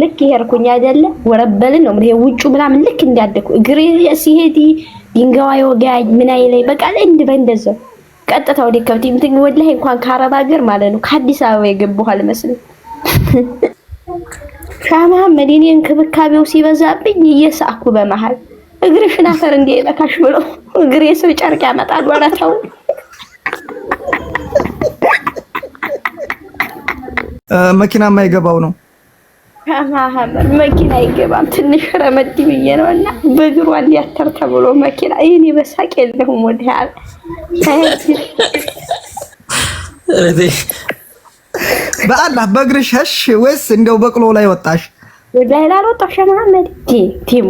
ልክ ይሄርኩኝ አይደለ ወረበልን ነው ይሄ ውጩ ምናምን ልክ እንዳደኩ እግሬ ሲሄድ ድንጋዋ ይወጋኝ ምን አይለኝ በቃ እንድ በእንደዘ ቀጥታ ወደ ከብት እንትን ላይ እንኳን ከአረብ ሀገር ማለት ነው ከአዲስ አበባ የገባሁ አልመስልም። ሻህ መሐመድ እኔ እንክብካቤው ሲበዛብኝ እየሳኩ በመሀል እግርሽን አፈር እንዲነካሽ ብሎ እግሬ ስር ጨርቅ ያመጣል ወረተው መኪና የማይገባው ነው። ከማህበር መኪና አይገባም። ትንሽ ረመድ ብዬ ነው እና በእግሯ እንዲያተር ተብሎ መኪና ይህኔ በሳቅ የለሁም ወደ ያል በአላህ በእግርሽ ሸሽ ወይስ እንደው በቅሎ ላይ ወጣሽ? ወላሂ ላልወጣሁ ሸማመድ ቲሙ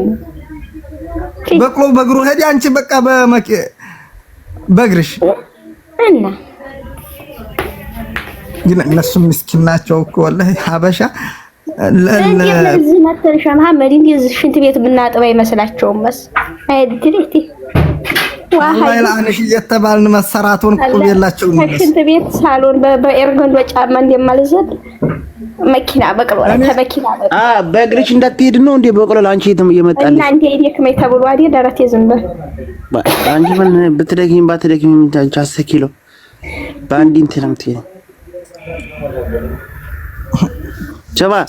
በቅሎ በእግሩ ሄደ። አንቺ በቃ በመኪ በእግርሽ እና ግን እነሱ ምስኪን ናቸው እኮ ወላሂ ሀበሻ እዚህ መተንሻ መሀመድ እንዲህ ሽንት ቤት ብናጥብ አይመስላቸውም። መስ ድሬቴ ላአንሽ እየተባልን መሰራቱን ቁብ የላቸው ከሽንት ቤት ሳሎን በኤርገንዶ ጫማ እንደማልዘል መኪና በቅሎ ከመኪና በእግርሽ እንዳትሄድ ነው እንዴ? በቅሎ ለአንቺ እየመጣልሽ እና እንዴ ይደክመኝ ተብሎ አይደል? ደረቴ ዝም በል አንቺ። ምን ብትደክሚም ባትደክሚም አንቺ አስር ኪሎ በአንድ እንትን ነው የምትሄደው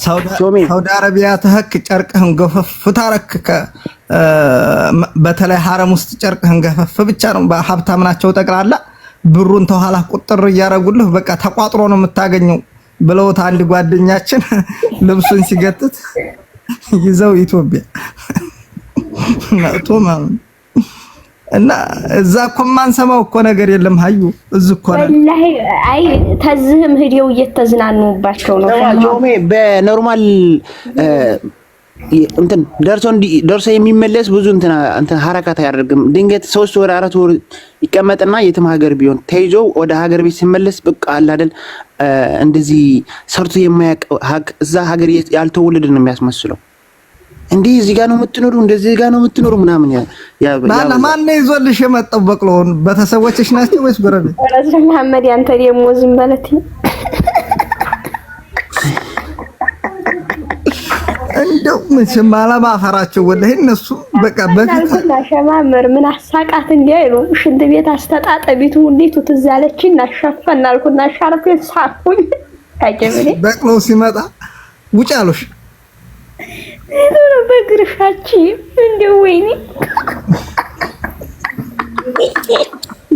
ሳውዲ አረቢያ ተህክ ጨርቅህን ገፈፍ ታረክ። በተለይ ሀረም ውስጥ ጨርቅህን ገፈፍ ብቻ ነው። በሀብታም ናቸው ጠቅላላ ብሩን ተኋላ ቁጥር እያደረጉልህ በቃ ተቋጥሮ ነው የምታገኘው ብለውት አንድ ጓደኛችን ልብሱን ሲገትት ይዘው ኢትዮጵያ መጥቶ ማለት ነው። እና እዛ እኮ የማንሰማው እኮ ነገር የለም። ሀዩ እዚህ እኮ ነው ወላሂ። አይ ተዝህም ህዲው እየተዝናኑባቸው ነው። በኖርማል እንትን ደርሶ ደርሶ የሚመለስ ብዙ እንትን እንትን ሀረካት አያደርግም። ድንገት ሶስት ወር አራት ወር ይቀመጥና የትም ሀገር ቢሆን ተይዞ ወደ ሀገር ቤት ሲመለስ በቃ አለ አይደል እንደዚህ ሰርቶ የማያውቅ እዛ ሀገር ያልተወለደ ነው የሚያስመስለው። እንዲህ እዚህ ጋር ነው የምትኖሩ፣ እንደዚህ ጋር ነው የምትኖሩ ምናምን። ያ ማን ነው ይዞልሽ የመጣው በቅሎውን? ቤተሰቦችሽ ናቸው ወይስ በረዶ? መሐመድ ያንተ ደሞ ዝም በለት እንደው መቼም አለማፈራቸው ወላሂ። እነሱ በቃ በፊት አሸማመር ምን አሳቃት እንዲህ አይሉ ሽንት ቤት ቤቱ እንዴቱ ትዝ አለችኝ። እናሸፈን አልኩና ሻርፌ ሳኩኝ በቅሎ ሲመጣ ውጭ አሉሽ በግርሻችን እንደው ወይኔ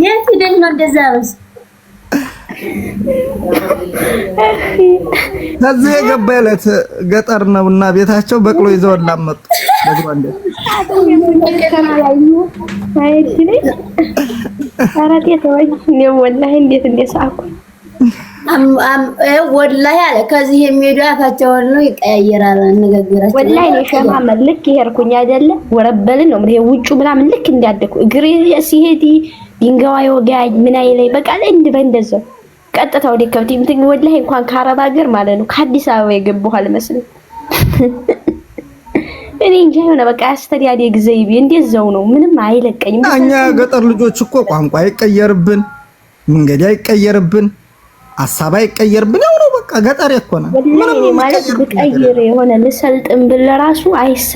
የት ሂደሽ ነው እንደዛ በስ ከዚህ የገባ ዕለት ገጠር ነው እና ቤታቸው በቅሎ ይዘው ላመጡ በግሯ እንደ እኔም ወላሂ እንዴት እንደሳኩ ወላሂ አለ ከዚህ የሚሄዱ አፋቸውን ነው ይቀያየራል አነጋገራቸው። ወላሂ ነው ሸማመን ልክ ይሄርኩኝ አይደለ ወረበልን ነው ይሄ ውጩ ምናምን ልክ እንዳደኩ እግሬ ሲሄድ ድንጋዋ ይወጋኝ ምን አይለኝ በቃ እንድ በእንደዛው ቀጥታ ወደ ከብት እንትን ወላሂ እንኳን ከአረብ ሀገር ማለት ነው ከአዲስ አበባ የገባሁ አልመስልም። እኔ እንጃ የሆነ በቃ አስተዳደግ ዘይቤ እንደዛው ነው። ምንም አይለቀኝም። እኛ ገጠር ልጆች እኮ ቋንቋ አይቀየርብን፣ መንገድ አይቀየርብን ሀሳብ አይቀየርብን። ብለው ነው በቃ ገጠር እኮ ነው ማለት ብቀይር የሆነ ልሰልጥም ብል ራሱ አይሰ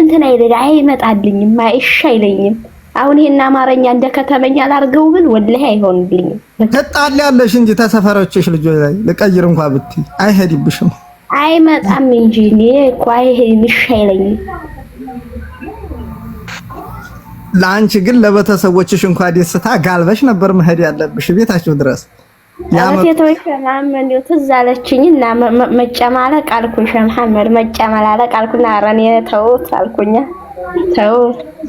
እንትን አይደል አይመጣልኝም፣ አይሻ አይለኝም። አሁን ይሄን አማርኛ እንደ ከተመኛ ላርገው ብል ወላሂ አይሆንልኝም። ተጣል ያለሽ እንጂ ተሰፈሮችሽ ልጆች ላይ ልቀይር እንኳን ብትይ አይሄድብሽም፣ አይመጣም እንጂ እኔ እኮ አይሄድ ይሻ አይለኝም። ለአንቺ ግን ለቤተሰቦችሽ እንኳን ደስታ ጋልበሽ ነበር መሄድ ያለብሽ ቤታችሁ ድረስ ሴቶች መሐመድ ትዝ አለችኝ እና መጨማለቅ አልኩሽ መሐመድ መጨመላለቅ አልኩና ኧረ እኔ ተውት አልኩኝ።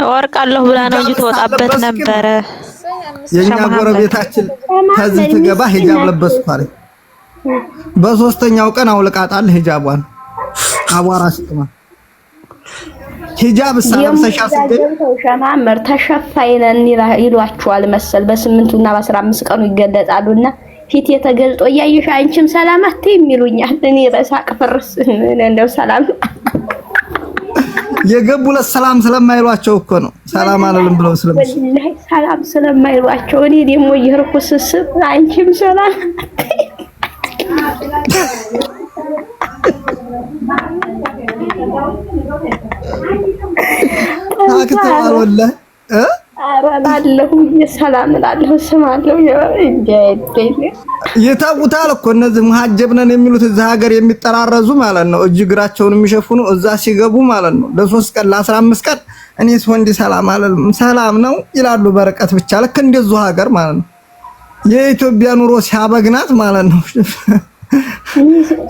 እወርቃለሁ ብላ ነው እንጂ ተወጣበት ነበረ። የኛ ጎረቤታችን ከዚህ ትገባ ሂጃብ ለበስኩ አለኝ። በሶስተኛው ቀን አውልቃጣል ሂጃቧን አቧራ ስጥማ ሂጃብ ሳምሰሻ ተሸፋይነን ይሏቸዋል መሰል በስምንቱና በአስራ አምስት ቀኑ ይገለጣሉና ፊት የተገልጦ እያየሽ አንቺም ሰላም አትይም ይሉኛል። እኔ በሳቅ ፍርስ እንደው ሰላም የገቡ ለት ሰላም ስለማይሏቸው እኮ ነው ሰላም አለልም ብለው ስለምስል ሰላም ስለማይሏቸው እኔ ደግሞ እየሄድኩ ስስብ አንቺም ሰላም ታክተዋል ወላሂ እ አረላለሁ ሰላም እላለሁ ስማለሁ። ይታውታል እኮ እነዚህ መሀጀብ ነን የሚሉት እዚህ ሀገር የሚጠራረዙ ማለት ነው። እጅ እግራቸውን የሚሸፍኑ እዛ ሲገቡ ማለት ነው። ለሶስት ቀን ለአስራ አምስት ቀን እኔስ ወንድ ሰላም አለም ሰላም ነው ይላሉ። በርቀት ብቻ ልክ እንደዚሁ ሀገር ማለት ነው። የኢትዮጵያ ኑሮ ሲያበግናት ማለት ነው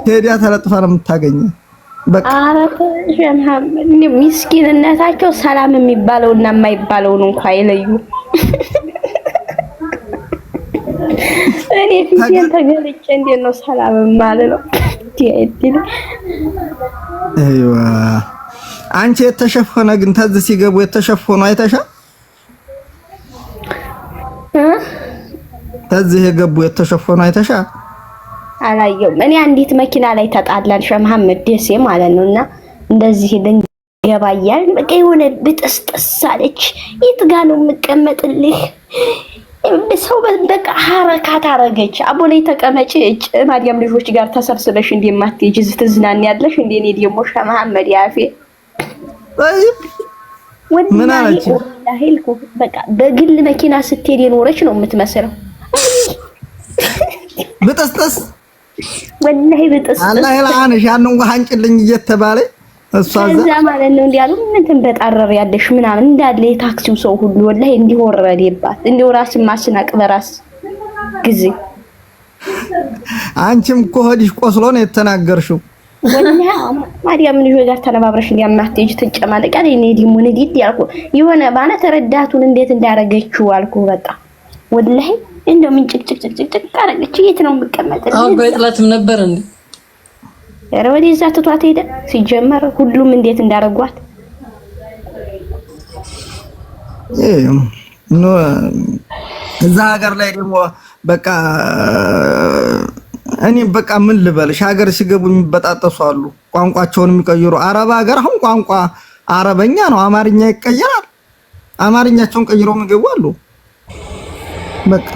ሄዲያ ተለጥፋ ነው የምታገኘው። ሚስኪንነታቸው ሰላም የሚባለውና የማይባለውን እንኳ አይለዩ። እኔ ፊቴን ተገልጬ እንዴት ነው ሰላም የማልለው? አንቺ የተሸፈነ ግን ተዝ ሲገቡ የተሸፈኑ አይተሻል? ተዝህ የገቡ የተሸፈኑ አይተሻል? አላየውም። እኔ አንዲት መኪና ላይ ተጣላን፣ ሸመሐመድ ደሴ ማለት ነው እና እንደዚህ ልንገባ እያልን በቃ የሆነ ብጥስጥስ አለች። የት ጋ ነው የምቀመጥልህ? ሰው በቃ ሀረካት አረገች። አቦ ላይ ተቀመጭ ማርያም ልጆች ጋር ተሰብስበሽ እንደ ማትሄጂ ትዝናን ያለሽ እንደ እኔ ደግሞ ሸመሐመድ ያፌ ወላሂልኩ በቃ በግል መኪና ስትሄድ የኖረች ነው የምትመስለው። ብጥስጥስ ወላሂ በጥስ አላህ ለአንሽ ያንን ውሃ አንጭልኝ እየተባለ እዛ ማለት ነው እንዲያሉ እንትን በጣረር ያለሽ ምናምን እንዳለ የታክሲው ሰው ሁሉ ወላሂ እንዲወረደባት እንዲው ራስን ማስናቅ በራስ ጊዜ አንቺም እኮ ሆድሽ ቆስሎ ነው የተናገርሽው። ማርያም ልጆ ጋር ተነባብረሽ እንዲያማትጅ ትጨማለቃ ላይ እኔ ደግሞ ንዲድ ያልኩ የሆነ ባለ ተረዳቱን እንዴት እንዳረገችው አልኩ። በቃ ወላሂ እንደው ምን ጭቅጭቅጭቅጭቅ አረገች። የት ነው የምቀመጠው? አሁን በጥላትም ነበር እንዴ? ኧረ ወደዛ ትቷት ሄደ። ሲጀመር ሁሉም እንዴት እንዳረጓት እዛ ሀገር ላይ ደግሞ በቃ እኔ በቃ ምን ልበልሽ፣ ሀገር ሲገቡ የሚበጣጠሱ አሉ፣ ቋንቋቸውን የሚቀይሩ። አረብ ሀገር አሁን ቋንቋ አረበኛ ነው፣ አማርኛ ይቀየራል። አማርኛቸውን ቀይሮ የሚገቡ አሉ በቃ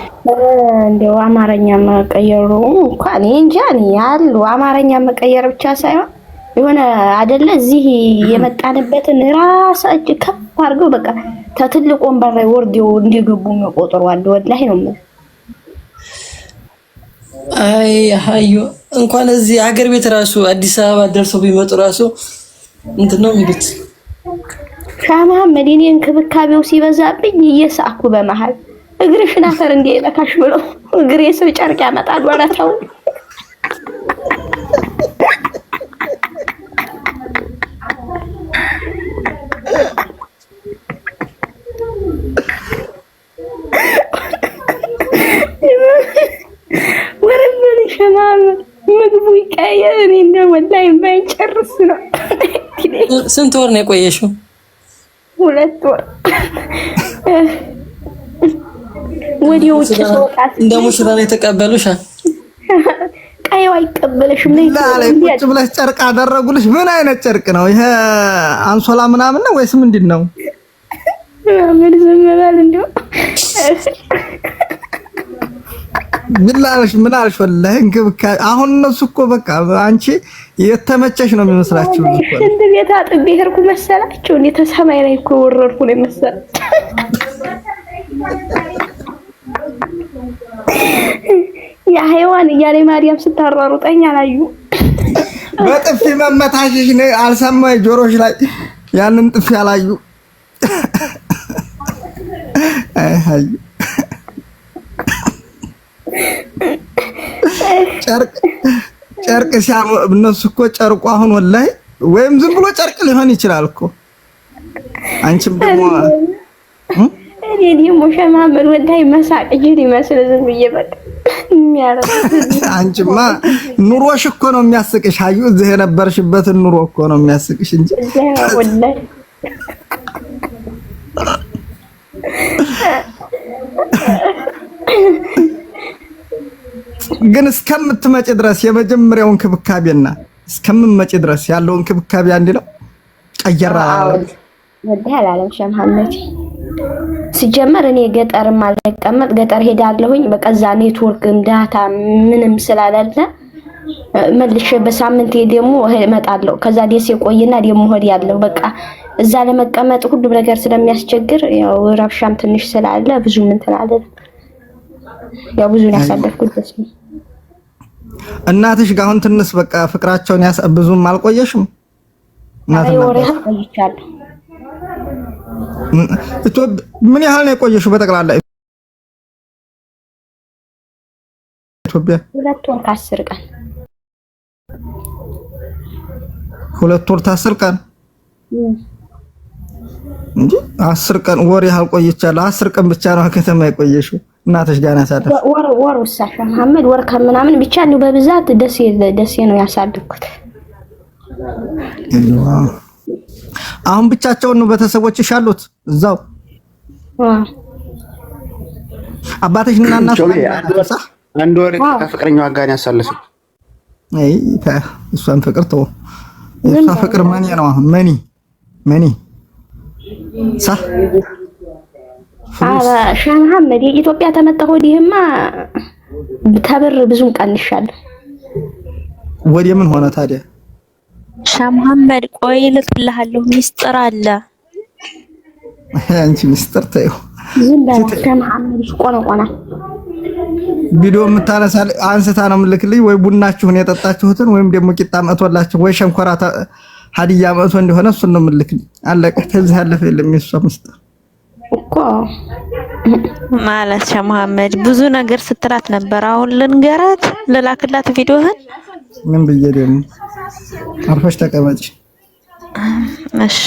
እንደው አማርኛ መቀየሩ እንኳን እኔ እንጃ እኔ ያሉ አማርኛ መቀየር ብቻ ሳይሆን የሆነ አይደለ እዚህ የመጣንበትን ራሳችን ከፍ አድርገው በቃ ተትልቅ ወንበር ላይ ወርደው እንዲገቡ የሚቆጥሩ አለ። ወላሂ ነው የምልህ። አይ አዩ እንኳን እዚህ ሀገር ቤት ራሱ አዲስ አበባ ደርሰው ቢመጡ ራሱ እንትን ነው የሚሉት። ሻህ እኔ እንክብካቤው ሲበዛብኝ እየሳኩ በመሀል እግርሽን አፈር እንዲነካሽ ብሎ እግር የሰው ጨርቅ ያመጣሉ። ኧረ ተው ወረበን ሸማም ምግቡ ይቀየር። እኔ እንደው ወላሂ ነው። ስንት ወር ነው የቆየሽው? ሁለት ወር ወደ ውጭ ተወጣት እንደ ሙሽራ ነው የተቀበሉሽ። ቀዩ አይቀበለሽም። ላይ ቁጭ ብለሽ ጨርቅ አደረጉልሽ። ምን አይነት ጨርቅ ነው ይሄ? አንሶላ ምናምን ነው ወይስ ምንድን ነው? ምን ዝም በል እንደው ምን ላልሽ ምን አልሽ? ወላሂ እንክብካቤ አሁን እነሱ እኮ በቃ አንቺ የተመቸሽ ነው የሚመስላችሁ። ሽንት ቤት አጥቤ ሄድኩ መሰላችሁ። እንዴ ተሰማይ ላይ እኮ ወረድኩ ነው መሰላችሁ። የሀይዋን እያለ ማርያም ስታሯሩጠኝ አላዩ። በጥፊ መመታሽሽ ነው አልሰማ። ጆሮሽ ላይ ያንን ጥፊ አላዩ። ጨርቅ ሲያሙ እነሱ እኮ ጨርቁ አሁን ወላይ ወይም ዝም ብሎ ጨርቅ ሊሆን ይችላል እኮ አንቺም ደግሞ የኔ ሞሸማ ምን ወዳይ መሳቅ ጅል ይመስል ዝም ብዬ በቃ አንቺማ ኑሮሽ እኮ ነው የሚያስቅሽ። አዩ እዚህ የነበርሽበትን ኑሮ እኮ ነው የሚያስቅሽ እንጂ ግን እስከምትመጪ ድረስ የመጀመሪያው እንክብካቤና እስከምትመጪ ድረስ ያለው እንክብካቤ አንድ ነው። ቀየራ ወዳይ አላለም ሸማመቴ ሲጀመር እኔ ገጠር አልቀመጥ ገጠር ሄዳለሁኝ። በቀዛ ኔትወርክ እንዳታ ምንም ስላለለ መልሼ በሳምንት ደግሞ እመጣለሁ። ከዛ ደሴ ቆይና ደግሞ ያለው በቃ እዛ ለመቀመጥ ሁሉም ነገር ስለሚያስቸግር ያው ረብሻም ትንሽ ስላለ ብዙ ምን ትላለህ ያው ብዙ ደስ ነው። እናትሽ ጋር አሁን ትንስ በቃ ፍቅራቸውን ያስ ብዙም አልቆየሽም? እናትሽ ጋር ቆይቻለሁ ምን ያህል ነው የቆየሽው በጠቅላላ ኢትዮጵያ? ሁለት ወር ከአስር ቀን ሁለት ወር ታስር ቀን እንጂ አስር ቀን ወር ያህል ቆይቻለሁ። አስር ቀን ብቻ ነው ከተማ የቆየሽው እናትሽ ጋር ያሳደር ወር ወር ውሳሻ መሐመድ ወር ከምናምን ብቻ ነው በብዛት ደሴ ደሴ ነው ያሳደኩት። አሁን ብቻቸውን ነው ቤተሰቦችሽ ያሉት እዛው? አባትሽ እና እናት አንድ ወር ከፍቅረኛዋ ጋር ያሳለፈ አይ ታ እሷን ፍቅር ተው። እሷ ፍቅር ማን ነው አሁን ማን ማን ሳ አባ ሸህ መሐመድ የኢትዮጵያ ተመጣሁ። ወዲህማ ተብር ብዙም ቀንሻል ወዲህ ምን ሆነ ታዲያ? ሻ መሐመድ ቆይ ልክልሃለሁ። ሚስጥር አለ። አንቺ ሚስጥር ተይው። ዝም በለው። ሻ ቪዲዮ የምታነሳ አንስታ ነው የምልክልኝ። ወይ ቡናችሁን የጠጣችሁትን ወይም ደግሞ ቂጣ መጥቶላችሁ ወይ ሸንኮራ ሀዲያ መጥቶ እንደሆነ እሱን ነው የምልክልኝ። አለቀ። ከዚህ ያለፈ የለም። የሷ ሚስጥር እኮ ማለት ሻ መሐመድ ብዙ ነገር ስትላት ነበር። አሁን ልንገራት ልላክላት ቪዲዮህን ምን ብዬ ደግሞ አርፈሽ ተቀመጭ። እሺ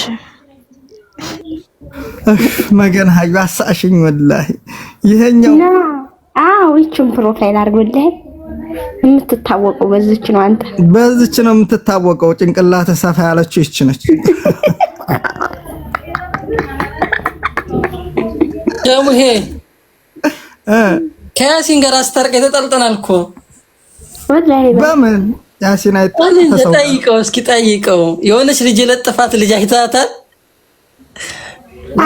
መገን ሀዩ አሳሽኝ። ወላሂ ይሄኛው አዎ፣ ይቺን ፕሮፋይል አድርጎልህ የምትታወቀው በዚች ነው። አንተ በዚች ነው የምትታወቀው። ጭንቅላት ሰፋ ያለችው ይች ነች። ደግሞ ይሄ ከያሲን ጋር አስታርቀ ተጣልጠናል እኮ በምን ያሲን ጠይቀው እስኪ ጠይቀው። የሆነች ልጅ የለጥፋት ልጅ አይታታል።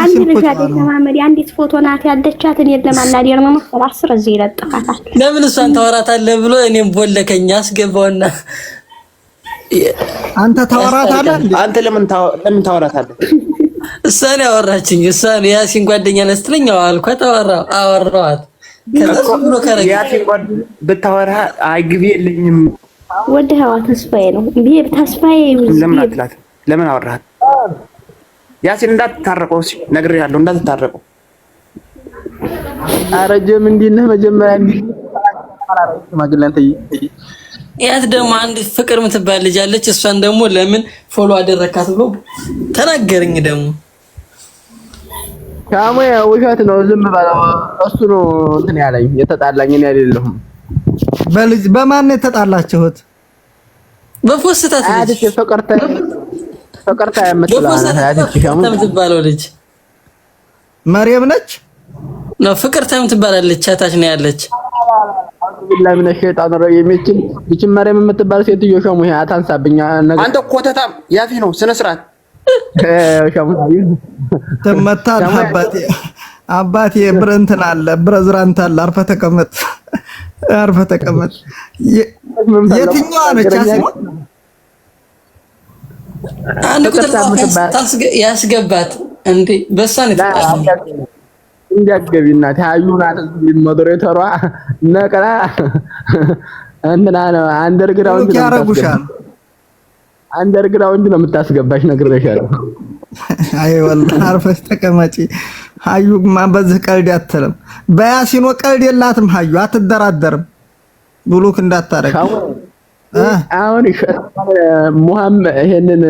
አንድ ልጅ አለ ተማመድ አንዲት ፎቶ ናት ያለቻት። እኔን ለማናደር ነው መሰል አስር እዚህ ይለጥፋታል። ለምን እሷን ታወራታለህ ብሎ እኔም ቦለከኝ አስገባውና አንተ ታወራታለህ። አንተ ለምን ለምን ታወራታለህ? እሷን ያወራችኝ እሷን ያሲን ጓደኛ ነህ ስትለኝ አልኳት። አወራው አወራዋት ያሲን ጓደኛ ብታወራ አይግቢ ወደ ህዋ ተስፋዬ ነው ብሄር ተስፋዬ። ለምን አትላት? ለምን አወራሃት? ያሲን እንዳትታረቀው እሺ፣ ነግሬሃለሁ፣ እንዳትታረቀው። ኧረ ጀም እንዴት ነህ? መጀመሪያ ያት ደግሞ አንድ ፍቅር የምትባል ልጅ አለች። እሷን ደግሞ ለምን ፎሎ አደረካት ብሎ ተናገረኝ። ደግሞ ካሞ ውሸት ነው፣ ዝም በለው። እሱ ነው እንትን ያለኝ የተጣላኝ እኔ አይደለሁም። በልጅ በማን የተጣላችሁት? በፎስተት ልጅ ፈቀርታ ፈቀርታ የምትባለው ልጅ መርየም ነች ነው ፍቅርታ የምትባላለች አታች ነው ያለች። አልሐምዱሊላህ ምን ሸይጣን ነው ይቺ ልጅ መርየም የምትባል ሴትዮ ሸሙ ይሄ አታንሳብኝ። አንተ ኮተታም ያፊ ነው ስነ ስርዓት ተመታ አባቴ አባቴ ብረንትን አለ ብረዝራንት አለ አርፈ ተቀመጥ። አርፈ ተቀመጥ። የትኛዋ ነች? አንድ ቁጥር ያስገባት እንዴ? በእሷ ነው እንዲያገቢ ሞዴሬተሯ እንትና ነው አንደርግራውንድ ነው ያረጉሻል። አንደርግራውንድ ነው የምታስገባሽ ነግሬሻለሁ። አይ ወላሂ አርፈሽ ተቀመጪ። ሀዩማ በዚህ ቀልድ አትልም። በያሲኖ ቀልድ የላትም ሀዩ አትደራደርም። ብሉክ እንዳታረግ አሁን ሙሐመድ ይሄንን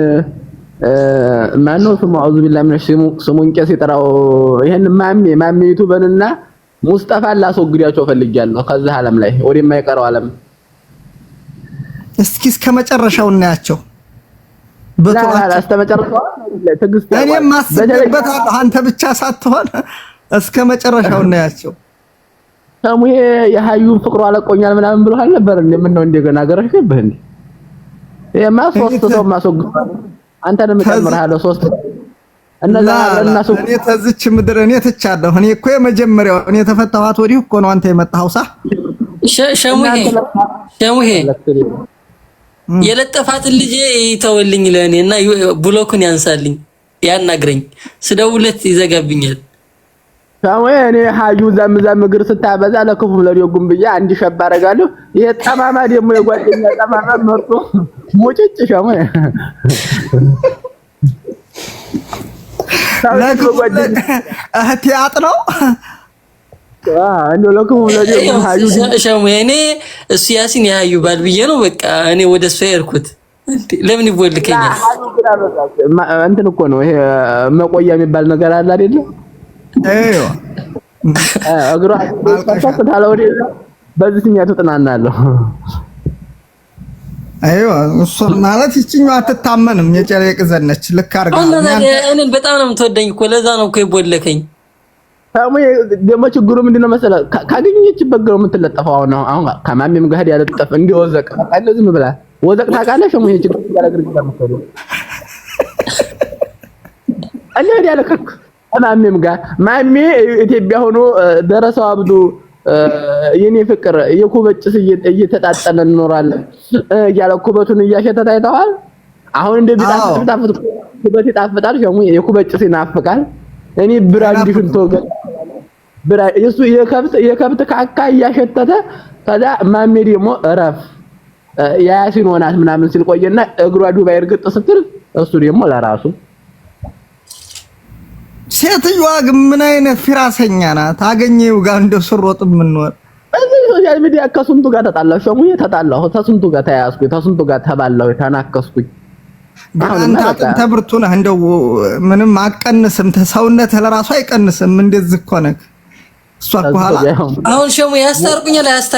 ማነው ስሙ? አውዙ ቢላ ምን ስሙን ቄስ ይጠራው። ይሄን ማሜ ማሜቱ በንና ሙስጠፋን ላስወግዳቸው ፈልጊያለሁ ከዚህ ዓለም ላይ የማይቀረው ዓለም። እስኪ እስከ መጨረሻው እናያቸው። እኔ ማስበበት አንተ ብቻ ሳትሆን እስከ መጨረሻው እናያቸው። ሰሙዬ የሀዩን ፍቅሩ አለቆኛል ምናምን ብለሃል ነበር እንዴ? ምን ነው እንደገና ገረሽብህ እንዴ? የማ ሶስት ሰው ማስወግድ አንተንም እጨምርሃለሁ ሶስት እነዛ ለእናሱ እኔ ተዝች ምድር እኔ ትቻለሁ። እኔ እኮ የመጀመሪያው እኔ ተፈታኋት ወዲህ እኮ ነው አንተ የመጣኸው ሳ ሸሙሄ ሸሙሄ የለጠፋትን ልጄ ይተወልኝ ለእኔ እና ብሎኩን ያንሳልኝ፣ ያናግረኝ። ስደውለት ይዘጋብኛል። ሰውዬ እኔ ሀዩ ዛም ዛም እግር ስታበዛ ለክፉም ለደጉም ብዬ አንድ ሸባ አደርጋለሁ። ይሄ ጠማማ ደግሞ የጓደኛ ጠማማ መርጦ ሙጭጭ ሸሙ ለክፉ ነው። እኔ እሱ ያሲን ያዩ ባል ብዬ ነው በቃ እኔ ወደ እሷ ያልኩት። ለምን ይቦልከኛል? እንትን እኮ ነው ይሄ መቆያ የሚባል ነገር አለ አይደለ? እግሯ በዚህኛ ትጥናናለሁ። እሱ ማለት ይችኛው አትታመንም። የጨረቅ ዘነች ልክ አድርጋ በጣም ነው የምትወደኝ እኮ ለዛ ነው እኮ ይቦለከኝ ታሙ ደግሞ ችግሩ ምንድነው መሰለህ? ካገኘችበት ገሩ የምትለጠፈው አሁን አሁን ከማሚም ጋር ያለጠፍ እንደ ወዘቅ ዝም ብላ ወዘቅ ታውቃለህ። ሸሙ ይሄ ችግር ያለግር ጋር መሰለህ አለ ያለ ጋር ማሚ ኢትዮጵያ ሆኖ ደረሰው አብዱ የኔ ፍቅር የኩበጭስ እየተጣጠነ እንኖራለን እያለ ኩበቱን እያሸተ ታይተዋል። አሁን እንደ ቢጣፍጥ ኩበት ይጣፍጣል። ሸሙ የኩበጭስ ይናፍቃል። እኔ ብራንዲሽን ተወገ ብራ እሱ የከብት የከብት ካካ እያሸተተ ከዛ ማሜ ደግሞ እረፍ ያሲን ሆናት ምናምን ሲል ቆየና እግሯ ዱባይ እርግጥ ስትል እሱ ደግሞ ለራሱ ሴትዮዋ ግን ምን አይነት ፊራሰኛ ናት? አገኘው ጋር እንደ ስሮጥ የምንሆን በዚህ ሶሻል ሚዲያ ከስንቱ ጋር ተጣላሁ፣ ሸሙዬ ተጣላሁ፣ ተስንቱ ጋር ተያያዝኩኝ፣ ተስንቱ ጋር ተባላሁ፣ ተናከስኩኝ። አንተ አጥንተ ብርቱ ነህ፣ እንደው ምንም አቀንስም፣ ሰውነትህ ለራሱ አይቀንስም። እንደዚህ እኮ ነህ እሷ ከኋላ አሁን ሸሙ ያስታርቁኛል ያስታ